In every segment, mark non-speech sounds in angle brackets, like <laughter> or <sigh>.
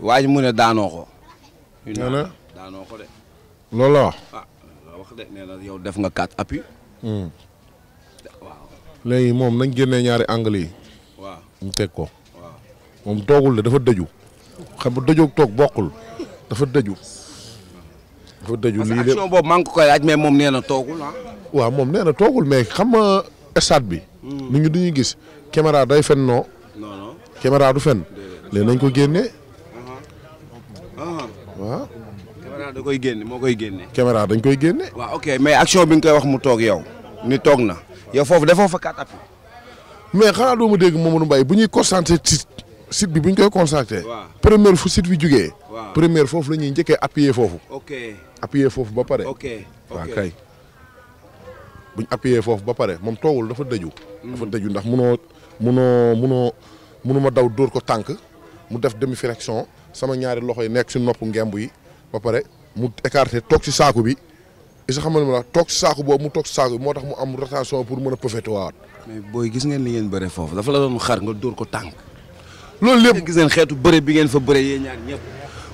waa ji mu ne daanoo ko. nee na daanoo ko ah, na yow def nga quatre appui. Hmm. waaw. moom nañ génne ñaari angle yi. waaw ñu teg ko. waaw moom toogul dafa dëju. xam nga dëjoog toog bokkul dafa dëju. dafa dëju lii de action boobu ko koy laaj mais moom nee na toogul ah. waaw moom nee toogul mais xam nga stade bi. Hmm. nit ñi du gis caméra day fen noo. non non du fen. léegi nañ ko génne waaw. caméra da koy génne moo koy génne. caméra dañ koy génne. waaw ok mais action bi nga koy wax mu toog yow ni toog na yow foofu defoo fa mais xanaa ma dégg Mamadou Mbaye bu ñuy constaté ci site bi bu ñu koy fu site bi jugee. première foofu la ñuy njëkkee appuyer foofu. ok appuyer foofu ba pare. ok waaw kay. bu ñu appuyer foofu ba pare moom toogul dafa dëju. Hmm. dafa dëju ndax munoo munoo munoo ma daw dóor ko tànk mu def demi-flexion. sama ñaari loxo yi nekk si nopp ngemb yi ba pare mu écarté toog si saaku bi isa xamal ma la toog si saaku boobu mu toog si saaku bi moo tax mu am rotation pour mën a pëfetu waat. mais booy gis ngeen li ngeen bëre foofu dafa la doon nga dóor ko tànk. loolu lépp gis ngeen xeetu bëre bi ngeen fa bëre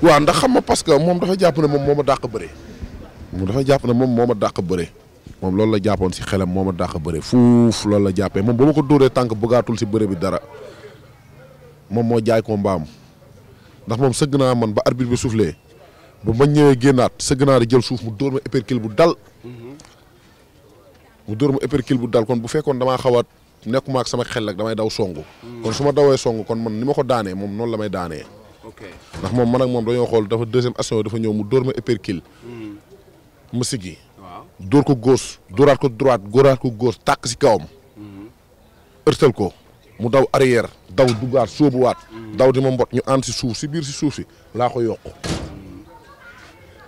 waaw ndax xam ma parce que moom dafa jàpp ne moom moo ma dàq bëre. moom dafa jàpp ne moom moo ma dàq bëre. moom loolu la jàppoon si xelam moom ma dàq bëre fuuf loolu la jàppee moom ba ma ko dóoree tànk bëggaatul si bëre bi dara moom moo jaay ko mbaam ndax moom sëgg naa man ba arbitre bi soufflé bu ma ñëwee génnaat sëgg naa di jël suuf mu dóor ma épercule bu dal. mu dóor ma épercule bu dal kon bu fekkoon damaa xawaat a nekkuma ak sama xel rek damay daw songu. kon su ma dawee songu kon man ni ma ko daanee moom noonu la may daanee. ok ndax moom man ak moom dañoo xool dafa deuxième action dafa ñëw mu dóor ma épercule. Hmm. ma siggi. waaw dóor ko gauche dóoraat ko droite góoraat ko gauche tàkk si kawam. ërtal hmm. ko. mu daw arrière daw duggaat sóobuwaat daw di ma mbot ñu ànd si suuf si biir si suuf si laa ko yokk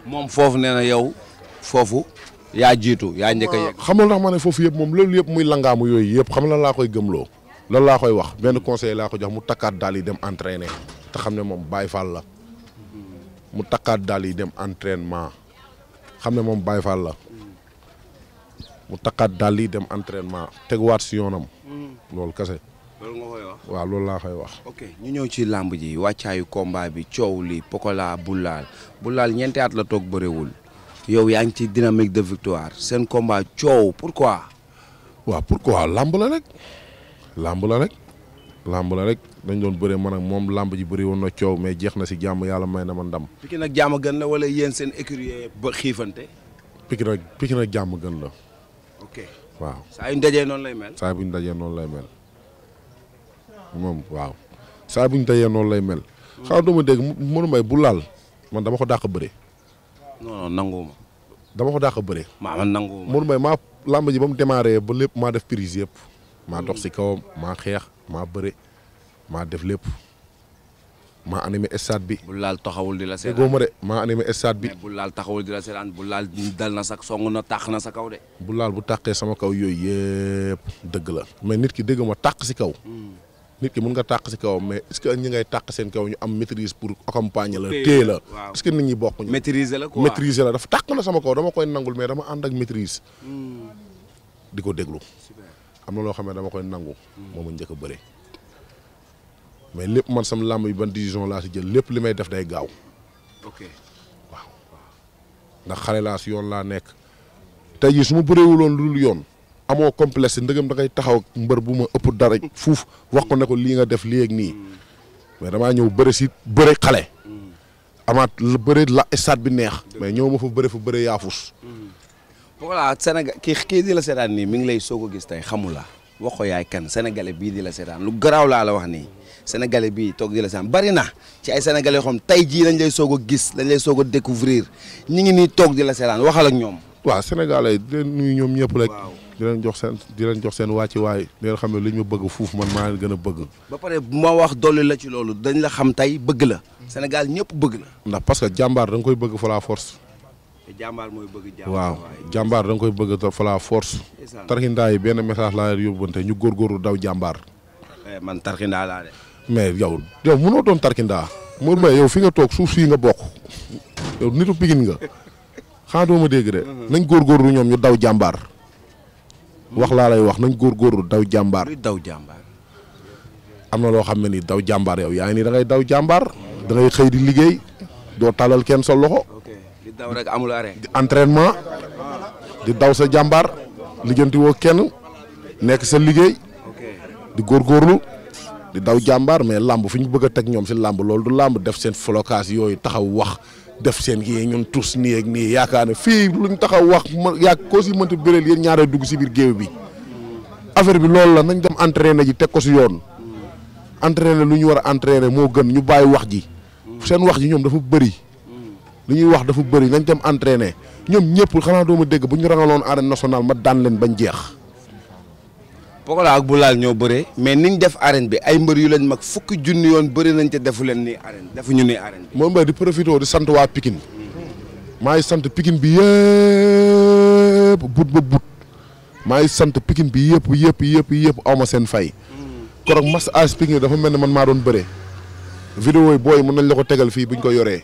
moom foofu nee na yow foofu yaa jiitu yaa njëkk a yegg xamul ndax ma ne foofu yëpp moom loolu yëpp muy langaamu yooyu yëpp xam la laa koy gëmloo lan laa koy wax benn conseil laa ko jox mu takkaat daal yi dem entraîner te xam ne moom Baye Fall la mu takkaat daal yi dem entrainement xam ne moom Baye Fall la mu takkaat daal yi dem entraînement teguwaat si yoonam mm. loolu kese loolu nga koy waaw loolu laa koy wax. ok ñu ñëw ci làmb ji wàccaayu kombaa bi coow li Pokola Boulal laal ñeenti at la toog bëriwul yow yaa ngi ci dynamique de victoire seen combat coow pourquoi. waaw pourquoi làmb la rek làmb la rek làmb la rek dañ doon bëree man ak moom làmb ji bëri woon na coow mais jeex na si jàmm yàlla may na ma ndam. Pikine nag jàmm gën la wala yéen seen écurie ba xiifante. Pikine nag jàmm gën la. ok waaw saa yu ñu noonu lay mel. saa ñu dajee noonu lay mel. moom waaw saa bu ñu dajee noonu lay mel. xanaa doo ma dégg Modou Mbaye bu laal man dama ko dàq bëre. non dama ko dàq bëre. maa man nanguwuma Modou Mbaye maa làmb ji ba mu démarré ba lépp maa def prise yëpp. maa dox si kawam maa xeex maa bëre maa def lépp. maa animé stade bi. bu laal taxawul di la seetaan déggoo ma de maa stade bi. bu laal taxawul di la seetaan bu laal dal na sax song na tàq na sa kaw de. bu laal bu tàqee sama kaw yooyu yëpp dëgg la. mais nit ki dégg ma tàq si kaw. Hmm. nit ki mun nga tàq si kawam mais est-ce que ngay tàq seen kaw ñu am maîtrise pour accompagner la téye la est nit ñi bokk ñu maîtriser la quoi maîtriser la dafa tàq na sama kaw dama koy nangul mais dama ànd ak maîtrise hmm. di ko déglu am na loo xam ne dama koy nangu mooma njëkk a bëre mais lépp man sama làmb yi ban décision laa si jël lépp li may def day gaaw ok waaw ndax xale laa si yoon laa nekk tey jii su ma bëreewuloon lu dul yoon amoo complexe ndegam da ngay taxaw mbër bu ma ëpp dara fuuf wax ko ne ko lii nga def lii ak nii mais damaa ñëw bëre si bëre xale. amaat la bëre la stade bi neex. mais ñëw ma fa bëre fa bëre yaafus. voilà Sénégal kii kii di la seetaan nii mi ngi lay soog a gis tey xamu wax ko yaay kan sénégalais bii di la seetaan lu garaaw laa la wax nii sénégalais bii toog di la seetaan bari na ci ay sénégalais xam tey jii lañ lay soog a gis lañ lay soog a découvrir ñu ngi nii toog di la seetaan waxal ak ñoom. waaw sénégalais di leen ñoom ñëpp rek. di jox seen di leen jox seen waa ci xam ne li ñu bëgg fuuf man maa leen gën a bëgg. ba pare ma wax dolli la ci loolu dañ la xam tey bëgg la. Sénégal ñëpp bëgg la. ndax parce que jàmbaar da koy bëgg fa la force. mooy bëgg jàmbaar waaw jàmbaar da koy bëgg fa la force. tarkindaa yi benn message laa leen yóbbante ñu góorgóorlu daw jàmbaar. Eh, man tarkindaa laa mais yow yow mënoo doon tarkindaa. moo Mbaye yow fi nga toog suuf sii nga bokk yow nitu Pikine nga <laughs> xanaa doo ma dégg de. Mm-hmm. nañ góorgóorlu ñoom ñu daw jàmbaar wax laa lay wax nañ góorgóorlu daw jàmbaar. daw jàmbaar. am na loo xam ne ni daw jàmbaar yow yaa ngi nii da daw jàmbaar. dangay xëy di liggéey doo talal kenn sa loxo. di daw rek amul arrêt. di di daw sa jàmbaar lijjanti woo kenn nekk sa liggéey. di góor góorgóorlu di daw jàmbaar mais làmb fu ñu bëgg teg ñoom si làmb loolu du làmb def seen flocage yooyu taxaw wax. def seen yii ñun tous nii ak nii yaakaar ne fii luñ taxaw wax ma yaa koo si mënta bëréel yéen ñaaree dugg si biir géew bi affaire bi loolu la nañ dem entraîné ji teg ko si yoon entraîné lu ñu war a entraîné moo gën ñu bàyyi wax ji seen wax ji ñoom dafa bëri li ñuy wax dafa bëri nañ dem entraîné ñoom ñëpp xanaa dooma dégg bu ñu rangaloon arène nationale ma daan leen bañ jeex Pokola ak Bulaal ñoo bëree mais niñ def arène bi ay mbër yu leen mag fukki junni yoon bëri nañ te defu leen nii arène defu ñu nii arène bi. moom mbay di profité sant waa maa ngi sant Pikine bi yëpp but ba but maa ngi sant Pikine bi yëpp yëpp yëpp yëpp ma seen fay. korog mas as Pikine dafa mel ne man maa doon bëree. vidéo yi booy mën nañ la ko tegal fii buñ ko yoree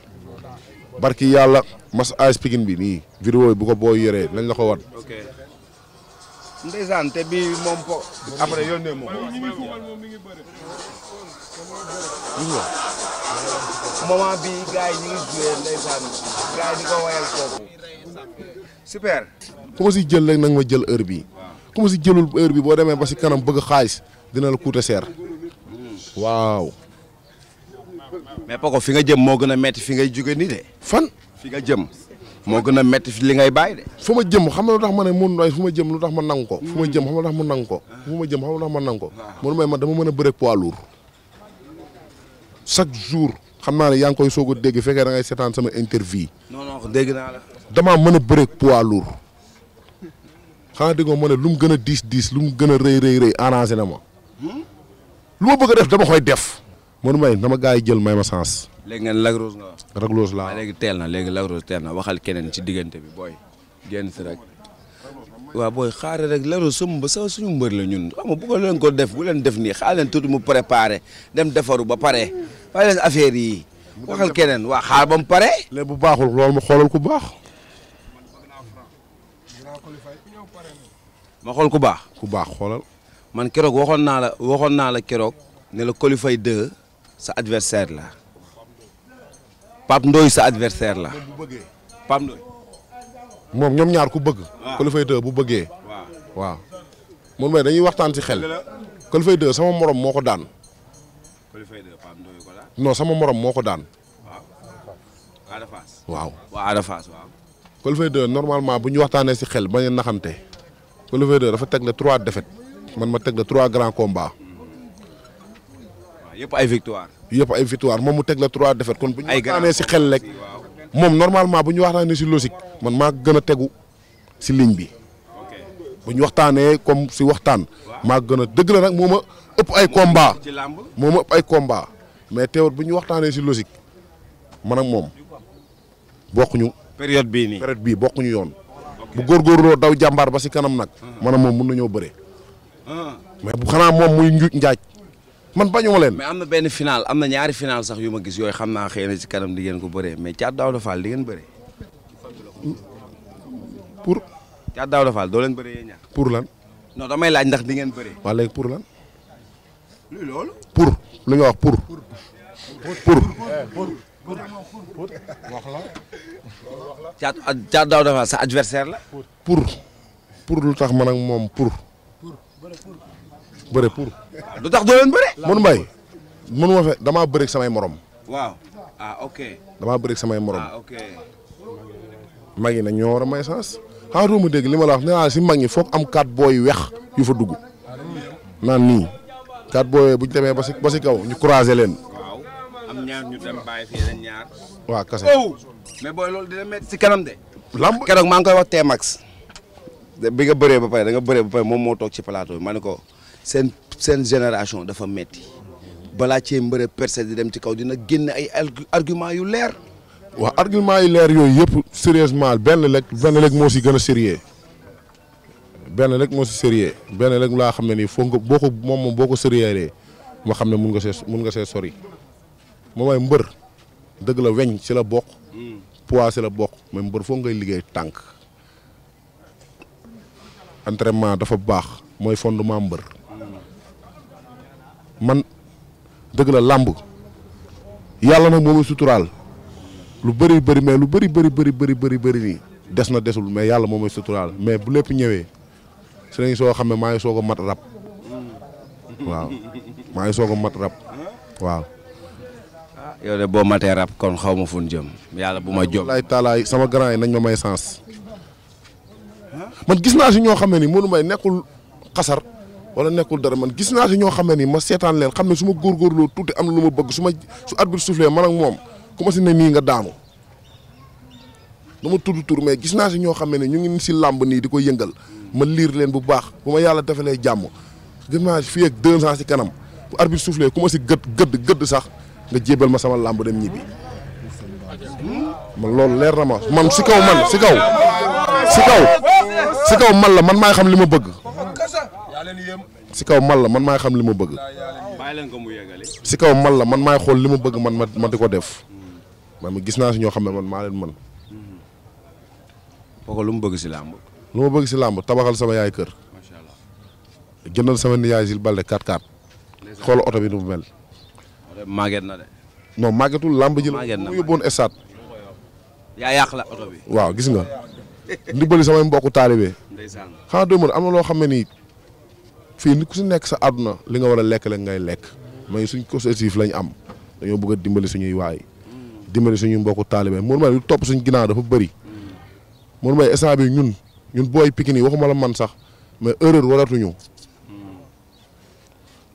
barki yàlla mas as Pikine bi nii vidéo yi bu ko booy yoree nañ la ko wan. ndeysaan te bi moom po après yónnee ma ko moment bi gars yi ñu ngi joué ndeysaan gars yi di ko ku ma si jël rek nag ma jël heure bi ku ma si jëlul heure bi boo demee ba si kanam bëgg xaalis dina la coûter cher waaw mais Paco fi nga jëm moo gën a metti fi ngay jóge de fan fi nga jëm moo gën a metti li ngay bàyyi de. fu ma jëm xam nga lu tax ma ne Modou Ndoye fu ma jëm lu tax ma nangu ko. fu ma jëm xam nga lu tax ma nangu ko. Ah. fu ma jëm xam nga lu tax ma nangu ko. Modou Mbaye man dama mën a bëre poids lourd chaque jour xam naa ne yaa ngi koy soog dégg fekkee da ngay sama interview. non dégg naa damaa mën bëre poids lourd xanaa déggoo ma ne lu mu gën a diis diis lu mu gën a rëy rëy rëy arrangé na ma hmm? lu ma bëgg a def dama koy def Modou Mbaye dama gars yi jël may ma chance léegi ngeen Lac Rose nga wax. Lac laa léegi teel na léegi Lac Rose teel na waxal keneen ci diggante bi booy génn si rek. waaw booy xaare rek Lac Rose sama suñu mbër la ñun xam nga bu leen ko def bu leen def nii xaar leen tuuti mu préparé dem defaru ba pare waaye leen affaire yi waxal keneen waa xaar ba mu pare. bu baaxul loolu ma xoolal ku baax. ma xool ku baax. ku baax xoolal. man keroog waxoon naa la waxoon naa la keroog ne la Colifay 2 sa adversaire la Pape Ndoye sa adversaire la. bu bëggee Pape moom ñoom ñaar ku bëgg. waaw Colifay 2 bu bëggee. waaw waaw. man dañuy waxtaan si xel. Colifay 2 sama moroom moo ko daan. Colifay sama morom moo ko daan. waaw. Ada Fass. waaw normalement bu ñu waxtaanee si xel bañ a naxante. Colifay 2 dafa teg la trois défaites man ma teg la trois grands combats. waaw yëpp ay victoire moom mu teg la trois défaites kon bu ñu waxtaanee si xel rek moom normalement bu ñu waxtaanee si logique man maa gën a tegu si ligne bi bu ñu waxtaanee comme si waxtaan maa gën a dëgg la nag moo ëpp ay combat moo ma ëpp ay combat mais teewul bu ñu waxtaanee si logique ak moom bokkuñu. période bii nii période bii bokkuñu yoon. bu góorgóorloo daw jàmbaar ba si kanam nag. man ak moom mun nañoo bëre. mais bu xanaa moom muy njuuj njaaj. man bañuma leen. mais am na benn final am na ñaari final sax yu ma gis yooyu xam naa xëy na ci kanam di ngeen ko bëree mais Thiat Daouda Fall di ngeen bëree. pour. Thiat Daouda Fall doo leen pour lan. non damay laaj ndax di ngeen bëree. waa pour lan. luy loolu. pour li nga wax pour. pour wax la. Thiat Thiat Daouda Fall sa adversaire la. pour pour lu tax man ak moom pour. pour. bëre pour. lu tax doo leen bëre. mun mbay mënuma fe damaa bëreeg samay morom. waaw ah damaa bëreeg samay morom. ah yi nag ñoo war a may sens. xaaral ma dégg li ma la wax ne naa si mag ñi foog am quatre booy wex yu fa dugg. naan nii quatre booy bu ñu demee ba si si kaw ñu croiser leen. waaw am ñaar ñu dem bàyyi fi oh! loolu dina si kanam de. lamb keroog maa ngi koy wax T-Max. bi nga bëree ba pare da bëree ba pare moom moo toog ci plateau bi ma ne ko. seen seen génération dafa metti balaa cee mbër a percé di dem ci kaw dina génn ay argument yu leer. waaw argument yu leer yooyu yëpp sérieusement benn lekk benn lekk moo si gën a sérieux benn lekk moo si sérieux benn lekk laa xam ne nii foog nga boo ko moom moom boo ko sérieux ma xam ne mun nga see mun nga see sori moom mooy mbër dëgg la weñ si la bokk. poids si la bokk mais mbër foog ngay liggéey tànk entraînement dafa baax mooy fondement mbër. man dëgg la làmb yàlla nag moom suturaal lu bari bari mais lu bari bari bari bari bëri bëri nii des na desul mais yàlla moom mooy suturaal mais bu lépp ñëwee si lañ soo xam ne maa ngi soog a mat rab waaw maa ngi soog a mat rab waaw. ah yow de boo matee rab kon xaw ma fu ñu jëm yàlla bu ma jóg. walaay sama grand yi nañ ma may sens man gis naa si ñoo xam ne ni Modou Mbaye nekkul xasar wala nekkul dara man gis naa si ñoo xam ne ni ma seetaan leen xam ne su ma góorgóorloo tuuti am na lu ma bëgg su ma su at bi soufflé man ak moom ku ma si ne mii nga daanu dama tudd tur mais gis naa si ñoo xam ne ñu ngi si làmb nii di ko yëngal ma liir leen bu baax bu ma yàlla defalee jàmm gis naa fii ak deux ans si kanam bu arbitre soufflé ku ma si gëdd gëdd gëdd sax nga jébal ma sama làmb dem ñibbi man loolu leer na ma man si kaw man si kaw si la man maay xam li ma bëgg si kaw mal la man maay xam li ma bëgg. bàyyi leen ko mu yeggali. si kaw mal la man maay xool li ma bëgg man ma ma di ko def. man gis naa si ñoo xam ne man maa leen man Poko lu mu bëgg si làmb. lu ma bëgg si làmb tabaxal sama yaay kër. macha allah jëndal sama nijaay si Balde 4-4. xool oto bi nu mu mel. màgget na de. non màggetul làmb ji la. màgget na mu yóbboon stade. oto bi. waaw gis nga. ndimbali samay mbokku taalibe. ndeysaan xanaa doo mën am na loo xam nii. fii nit ku si nekk sa àdduna li nga war a lekk la ngay lekk mais suñ constatif lañu am dañoo bëgg a dimbali suñuy waay dimbali suñu mbokku taalibe Mourou Mbaye lu topp suñ ginnaaw dafa bëri Mourou Mbaye instant bi ñun ñun booy Pikine yi waxuma la man sax mais erreur waratuñu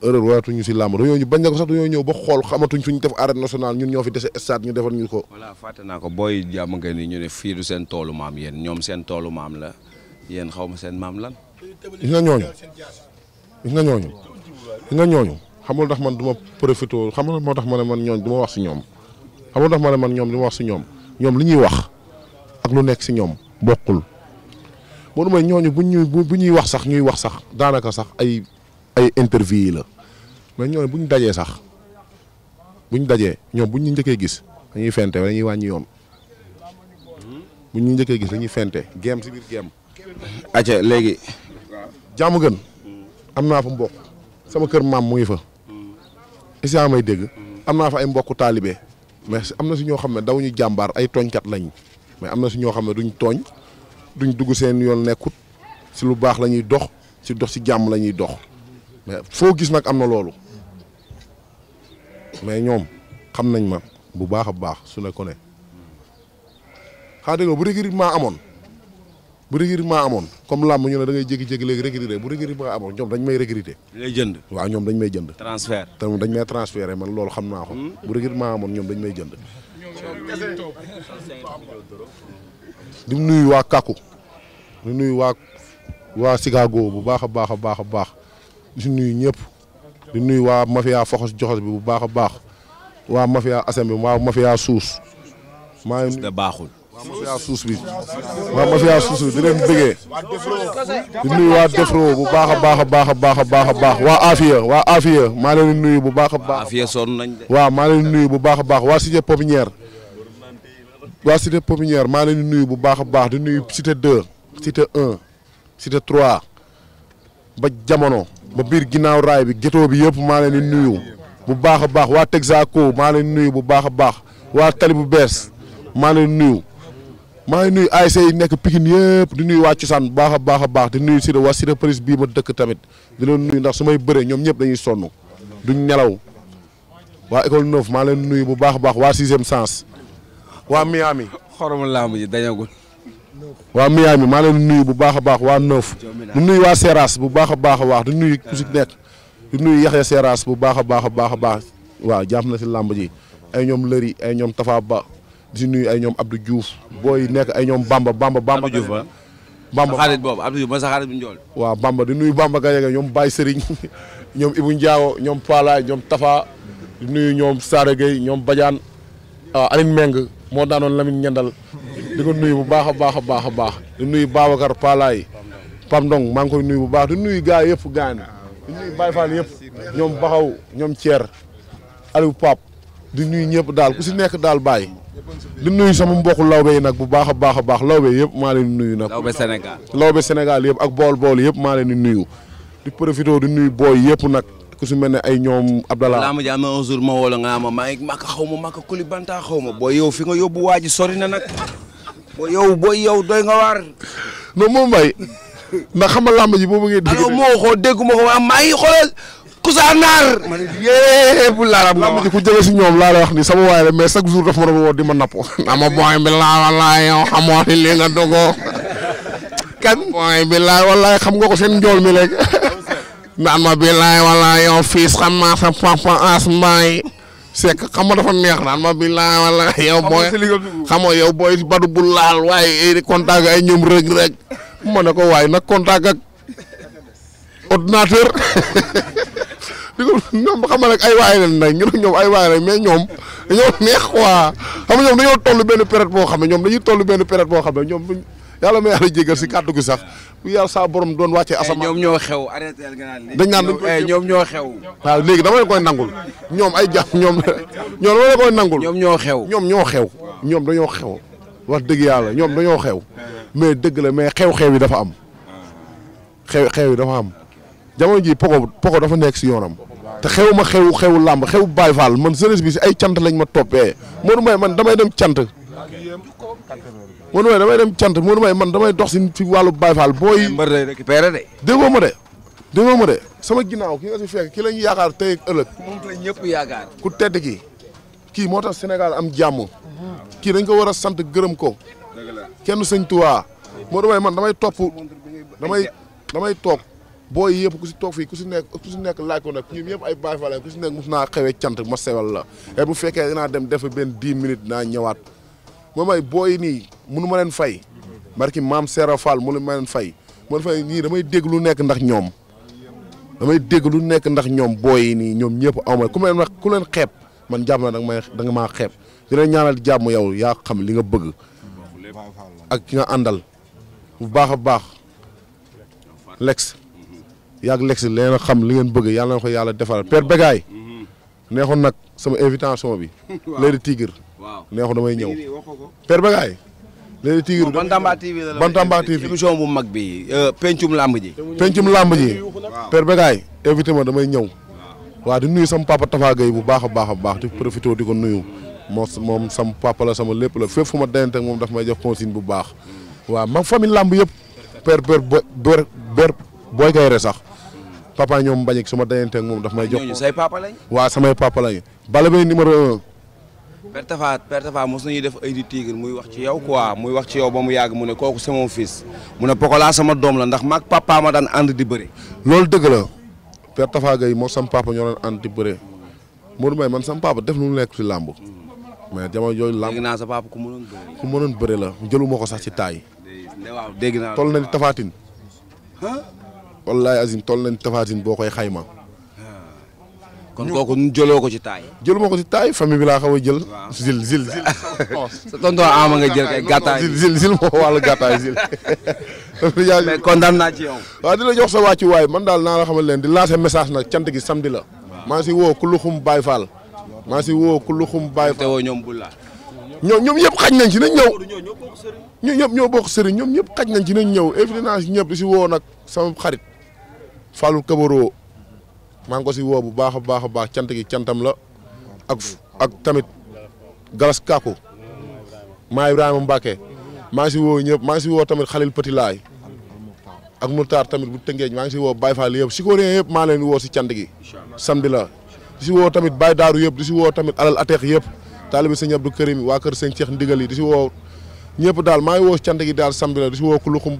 erreur waratuñu si làmb dañoo ñu bañ na ko sax dañoo ñëw ba xool xamatuñ suñ def arène nationale ñun ñoo fi dese stade ñu defar ñu ko. voilà fàtte naa ko booy jàmm nga ni ñu ne fii du seen toolu maam yéen ñoom seen toolu maam la yéen xaw ma seen maam lan. gis nga ñooñu nga ñooñu gis nga ñooñu xamul ndax man du ma profité xamul moo tax ma ne man ñooñ du ma wax si ñoom xamul ndax ma ne man ñoom du wax si ñoom ñoom li ñuy wax ak lu nekk si ñoom bokkul moom may ñooñu bu ñuy bu ñuy wax sax ñuy wax sax daanaka sax ay ay interview la mais ñooñu bu ñu dajee sax bu ñu dajee ñoom bu ñu njëkkee gis dañuy fente wala dañuy wàññi yoon bu ñu gis dañuy fente géem si biir géem. acca léegi. jàmm gën. am naa fa mbokk sama kër maam mu ngi fa isa may dégg am naa fa ay mbokku taalibe mais am na si ñoo xam ne daw ñu jàmbaar ay tooñkat lañ mais am na si ñoo xam ne duñ tooñ duñ dugg seen yoon nekkut si lu baax la ñuy dox si dox si jàmm la ñuy dox mais foo gis nag am na loolu mais ñoom xam nañ ma bu baax a baax su ne ko ne xaa dégg bu recrutement amoon bu recrutement amoon comme làmb ñu da ngay jékki-jékki léegi recruter bu recrutement amoon ñoom dañ may recruter. jënd waaw ñoom dañ may jënd. transfert te dañ may transféré man loolu xam naa ko. Hmm? bu recrutement amoon ñoom dañ may jënd. di nuyu waa Kaku di nuyu waa waa bu baax a baax a baax a baax di nuyu ñëpp di nuyu waa mafia foxos joxos bi bu baax a baax waa mafia asem waa mafia suus. maa ngi baaxul. mafia suus bi waa mafia suus bi di leen bëggee di nuyu waa Defro bu baax a baax a baax a baax a baax a baax waa Afia waa Afia maa leen di nuyu bu baax baax. Afia sonn nañ de. maa leen di a baax waa Cité Pépinière waa Cité Pépinière maa leen di nuyu bu baax a baax di nuyu Cité 2 Cité 1 Cité 3 ba jamono ba biir ginnaaw raay bi gétoo bi yëpp maa leen di nuyu bu baax a baax waa Texaco maa leen nuyu bu baax baax waa Tali bees maa leen nuyu. maa ngi nuyu ASC yi nekk Pikine yëpp di nuyu waa cosaan baax a baax a baax di nuyu Sida waa Sida Paris bii ma dëkk tamit di leen nuyu ndax su may bëree ñoom ñëpp dañuy sonn duñ nelaw waa école neuf maa leen nuyu bu baax a baax waa sixième sens waa Miami. xoromu làmb ji dañagul. waa Miami maa leen nuyu bu baax a baax waa neuf di nuyu waa Seras bu baax a baax a baax di nuyu ku si nekk di bu baax a baax a baax a baax waaw jàpp na si làmb ji ay ñoom lëri ay ñoom Tafa di si nuyu ay ñoom Abdou Diouf booy nekk ay ñoom Bamba Bamba Bamba. Abdou Diouf ah. Bamba sa xarit boobu Abdou Diouf ba sa xarit bu ñu jool waaw Bamba di nuyu Bamba Gaye ñoom Baye Serigne <laughs> ñoom Ibou Ndiago ñoom Palaay ñoom Tafa di nuyu ñoom Saare Gueye ñoom Badiane ah, Aline Meng moo daanoon Lamine Ñendal di ko nuyu bu baax a baax a baax a baax di nuyu Babacar Palaay Pam Ndong maa ngi koy nuyu bu baax di nuyu gars yëpp gars di nuyu Baye Fall yëpp ñoom Baxaw ñoom Thier Aliou Pape di nuyu ñëpp daal ku si nekk daal Baye di nuyu sama mbokku lawbe yi nag bu baax a baax a baax lawbe yëpp maa leen nuyu nag. lawbe Sénégal lawbe Sénégal yëpp ak bool bool yëpp maa leen di nuyu. di profité di nuyu booy yëpp nag ku si mel ne ay ñoom Abdallah. laa ma jàmm un jour ma ma maa ngi màkk xaw ma màkk Koulibanta xaw ma booy yow fi nga yóbbu waa ji sori na nag booy yow booy yow doy nga waar. non moom Mbaye ndax xam nga làmb ji boobu ngay. dégg moo ma ko maa ngi xoolal Kousanaar. ma ne yee bu laaraam. waaw ku jóge si ñoom laa la wax ni sama waay la mais chaque jour dafa ma doon woo di ma napp. naa ma wallaay yow xamoo ni lii nga dogoo. kan booy bi wallaay xam ko seen njool mi léegi. naan ma bi wallaay yow neex naan ma booy. xam yow booy badu bu laal waaye ko waaye nag contact ak ordinateur. <laughs> di ko ñoom xam nga nag ay waay lañ nag ñun ñoom ay waay ñoom dañoo neex waa xam nga ñoom dañoo toll benn période xam ne ñoom dañuy toll benn période boo xam ne ñoom yàlla ma yàlla jégal si kàddu gi sax bu yàlla doon wàccee eh, asamaan. ñoom ñoo xew arrêté dañ naan eh, ñoom ñoo xew. waaw léegi dama leen nangul ñoom ay jàpp ñoom ñoom dama leen ñoom ñoo xew ñoom ñoo xew. ñoom dañoo xew wax dëgg yàlla ñoom dañoo xew mais dëgg la mais xew-xew yi dafa am xew xew yi dafa am jamono jii Poko Poko dafa nekk si yoonam te xew ma xew xewu làmb xew Baye Fall man jeunesse bi si ay cant lañ ma toppee Modou Mbaye man damay dem cant Modou Mbaye damay dem cant Modou Mbaye man damay dox si si wàllu Baye Fall booy. mbër day récupéré de. déggoo ma de déggoo ma sama ginnaaw ki nga si fekk ki yaakaar tey ëllëg. moom ñëpp yaakaar. ku tedd ki kii moo tax Sénégal am jàmm kii dañ ko war a sant gërëm ko kenn sëñ Tuubaa Modou Mbaye man damay topp damay damay toog. booy yëpp ku si toog fii ku si nekk ku nekk laaj ko nag ñoom yëpp ay Baay Faal ku si nekk mos naa xewee cant ma sewal la et bu fekkee dinaa dem def benn dix minutes naa ñawaat moo may booy nii mënu ma leen fay barki maam Seera Fall mënu ma leen fay man fay damay dégg lu nekk ndax ñoom damay dégg lu nekk ndax ñoom booy nii ñoom ñëpp aw ma ku leen wax ku leen xeeb man jàpp na da nga may da nga maa xeeb di leen ñaanal jàmm yow yaa xam li nga bëgg ak ki nga àndal bu baax a baax lex yàgg lex si leen a xam li ngeen bëgg yàlla na ko yàlla defaral Père Bégaay neexoon nag sama invitation bi. <laughs> waaw Lady Tigre. waaw neexoon damay ñëw. Père Bégaay. Lady Tigre Bantamba TV bu mag bi euh, pencum làmb ji. pencum làmb ji. waaw Père Bégaay invité ma damay ñëw. waa di nuyu sama papa Tafa Gueye bu baax a baax a baax di profité di ko nuyu. moom sama papa la sama lépp la fépp fu ma denante ak moom daf may jox consigne bu baax. Mm. waaw ma famille làmb yëpp. Père Père Boy Kayré sax. papa ñoom Mbañik su ma dayante ak moom daf may jox. ñooñu say samay papa lañ Balla Gaye numéro un. Père Tafa Père Tafa mos def ay di tigre muy wax ci yow quoi muy wax ci yow ba mu yàgg mu ne kooku c'est mon fils mu ne Pokola sama doom la ndax maag papaa ma daan ànd di bëre. loolu dëgg la Père Tafa Gaye moo sam papa ñoo daan ànd di bëre Modou Mbaye man sam papa def lu mu nekk ci làmb. mais jamono yooyu làmb naa sa papa ku mënoon bëre mënoon bëre la jëluma ko sax ci taay. waaw dégg naa toll na ni Tafatine. wallaay azim toll nañ tafaatin boo koy xayma. Ah. kon kooku ñu jëloo ko ci taay. jëluma ko ci taay famille bi laa xaw a jël. zil zil zil. <laughs> sa tonton Ama nga jël kay gàttaay zil zil zil moo wàllu gàttaay zil. <laughs> mais kontaan naa ci yow. waaw di la jox sa wàccuwaay man daal naa la xamal leen di lancer message nag cant gi samedi la. maa si woo Kuluxum Baye Fall. maa si woo Kuluxum Baye Fall. te woo ñoom Bula. ñoom ñoom ñëpp xaj nañ ci nañ ñëw. ñoom ñëpp ñoo bokk sëriñ ñoom ñëpp xaj nañ ci nañ ñëw évidence ñëpp di si woo nag sama xarit Fallou Kabaro maa ngi ko si woo bu baax a baax a baax cant gi cantam la ak tamit Galas Kàkku maa Ibrahima Mbacke maa ngi si woo ñëpp maa ngi si woo tamit Xalil Petit Laay ak Moutar tamit bu tëngeej maa ngi si woo Baye Fall yëpp si ko réer yëpp maa leen di woo si cant gi samedi la di si woo tamit Baye Daaru yëpp di si woo tamit alal ateex yëpp taalibi sëñ Abdou Karim waa kër sëñ Cheikh Ndigal yi di si woo ñëpp daal maa ngi woo si gi daal samedi la di si woo Kuluxum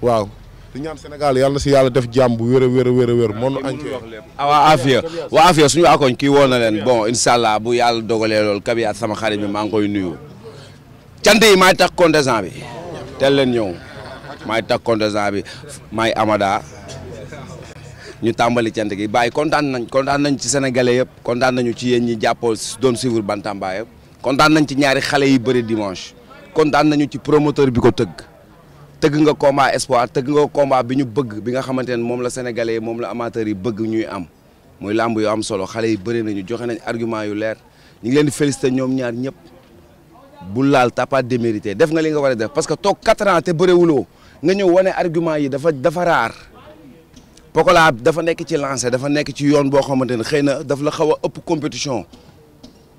waaw di ñaan Sénégal yàlla si yàlla def jàmm bu wér a wér a wér a wér ah, moonu ancé ah, waa ah, Afia waa Afia suñu akoñ ki woo na leen bon incha allah bu yàlla dogalee loolu kabiyaat sama xarit bi maa ngi koy nuyu cant yi maay takk contingent bi teel leen ñëw maay takk contingent bi maay Amada ñu tàmbali cant gi bàyyi kontaan nañ kontaan nañ ci sénégalais yëpp kontaan nañu ci yéen ñi jàppoo doon suivre Bantamba yëpp kontaan nañ ci ñaari xale yi bëri dimanche kontaan nañu ci promoteur bi ko tëgg tëgg nga combat espoir tëgg nga combat bi ñu bëgg bi nga xamante ne moom la sénégalais moom la amateurs yi bëgg ñuy am muy làmb yu am solo xale yi bëri nañu joxe nañ argument yu leer ñu ngi leen di féliciter ñoom ñaar ñëpp bu laal tapas démérité def nga li nga war a def parce que toog quatre ans te bëriwuloo nga ñëw wane argument yi dafa dafa raar Pokola dafa nekk ci lancé dafa nekk ci yoon boo xamante ne xëy na daf la xaw a ëpp compétition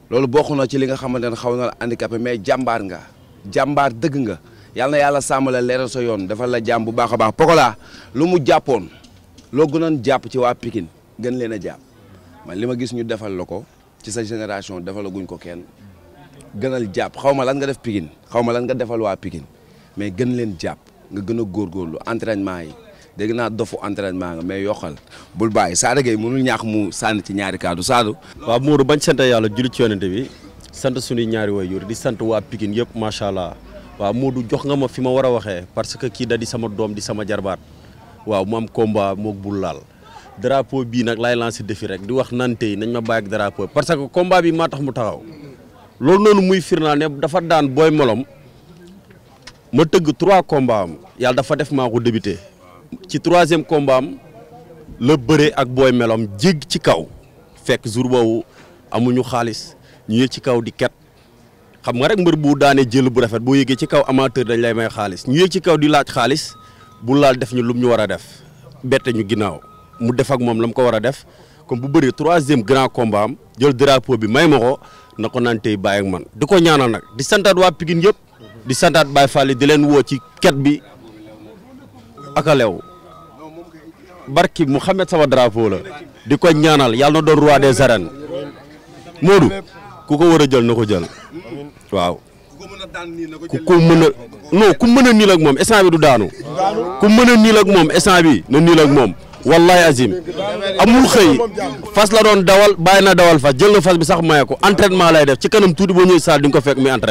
loolu bokk na ci li nga xamante ne xaw na la mais jàmbaar nga jàmbaar dëgg nga yal yàlla sàmm la leeral sa yoon dafa la jàmm bu baax a baax Pokola lu mu jàppoon loo gënoon jàpp ci waa pikin gën leen a jàpp man li ma gis ñu defal la ko ci sa génération defalaguñ ko kenn gënal jàpp xaw ma lan nga def Pikine xaw ma lan nga defal waa Pikine mais gën leen jàpp nga gën a góorgóorlu entraînement yi dégg naa dofu entraînement nga mais yokkal bul bàyyi Sada Gueye mënul ñaax mu sànni ci ñaari kaddu Sadou. waaw Mourou bañ sant yàlla julli ci yonente bi sant suñuy ñaari waajur di sant waa Pikine yëpp macha allah. waaw moo Modou jox nga ma fi ma war a waxee parce que kii da di sama doom di sama jarbaat waaw mu am combat moog bul laal drapeau bii nag laay lancer défi rek di wax nante yi nañ ma bàyyi ak drapeau parce que komba bi maa tax mu taxaw loolu noonu muy firnaa ne dafa daan booy molom ma tëgg trois combats am yàlla dafa def maa ko débuté ci troisième combat am la bëre ak booy meloom jégg ci kaw fekk jour boobu amuñu xaalis ñu yëg ci kaw di ket xam nga rek mbër bu daanee jël bu rafet boo yëgee ci kaw amateur dañ lay may xaalis ñu yëg ci kaw di laaj xaalis bu laal def ñu lum ñu war a def bette ñu ginnaaw mu def ak moom la mu ko war a def comme bu bëri troisième grand combat am jël drapeau bi may ma ko na ko naan tey bàyyi man di ko ñaanal nag di santaat waa Pikine yëpp di santaat Baye Fall di leen woo ci ket bi ak alew barki Mouhamed sama drapeau la di ko ñaanal yàlla na doon roi des arènes Modou ku ko war a jël na ko jël waaw ku ku mën a ku mën a niil ak moom instant bi du daanu ku mën a niil ak moom instant bi na niil ak moom wallahi azim amul xëy fas la doon dawal bàyyi na dawal fas jël fas bi sax maye ko entraînement lay def ci kanam tuuti boo ñëwee saal di ko fekk muy entraînement